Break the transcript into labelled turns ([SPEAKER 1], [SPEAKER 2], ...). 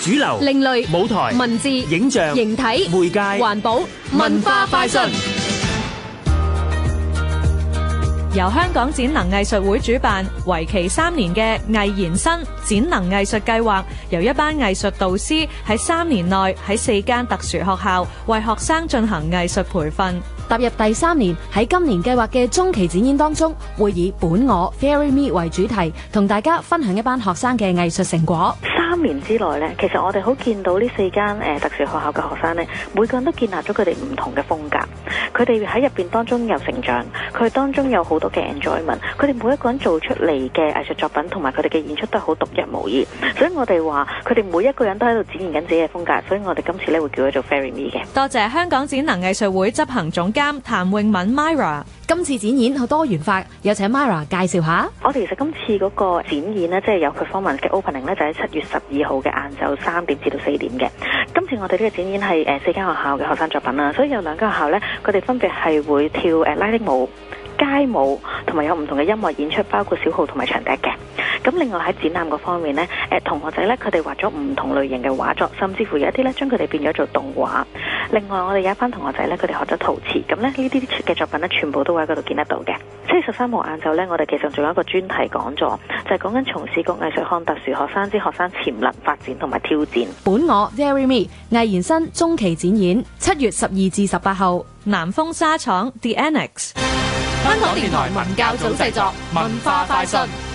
[SPEAKER 1] 主流、另類、舞台、文字、影像、形體、媒介、環保、文化快訊。由香港展能藝術會主辦，為期三年嘅藝延伸展能藝術計劃，由一班藝術導師喺三年內喺四間特殊學校為學生進行
[SPEAKER 2] 藝術培訓。踏入第三年，喺今年計劃嘅中期展演當中，會以本我 （Fairy Me） 為主題，同大家分享一班學生嘅藝術成果。
[SPEAKER 3] 年之內咧，其實我哋好見到呢四間誒、呃、特殊學校嘅學生咧，每個人都建立咗佢哋唔同嘅風格。佢哋喺入邊當中有成長，佢當中有好多嘅 enjoyment，佢哋每一個人做出嚟嘅藝術作品同埋佢哋嘅演出都好獨一無二，所以我哋話佢哋每一個人都喺度展現緊自己嘅風格，所以我哋今次咧會叫佢做 Fairy Me 嘅。
[SPEAKER 1] 多謝香港展能藝術會執行總監譚詠敏 Mira，今次展演好多元化，有請 Mira
[SPEAKER 2] 介紹下。
[SPEAKER 3] 我哋其實今次嗰個展演咧，即係有 performance 嘅 opening 咧，就喺七月十二號嘅晏晝三點至到四點嘅。像我哋呢個展演係誒四間學校嘅學生作品啦，所以有兩間學校咧，佢哋分別係會跳誒拉丁舞。街舞有有同埋有唔同嘅音樂演出，包括小號同埋長笛嘅。咁另外喺展覽個方面咧，誒，同學仔咧，佢哋畫咗唔同類型嘅畫作，甚至乎有一啲咧將佢哋變咗做動畫。另外，我哋有一班同學仔咧，佢哋學咗陶瓷。咁咧呢啲嘅作品咧，全部都喺嗰度見得到嘅。七月十三號晏晝咧，我哋其實仲有一個專題講座，就係講緊從事個藝術看特殊學生之學生潛能發展同埋挑戰。
[SPEAKER 2] 本我 Very Me 藝延伸中期展演，七月十二至十八號，南豐沙廠 The Annex。香
[SPEAKER 3] 港電台文教組製
[SPEAKER 2] 作，文化快訊。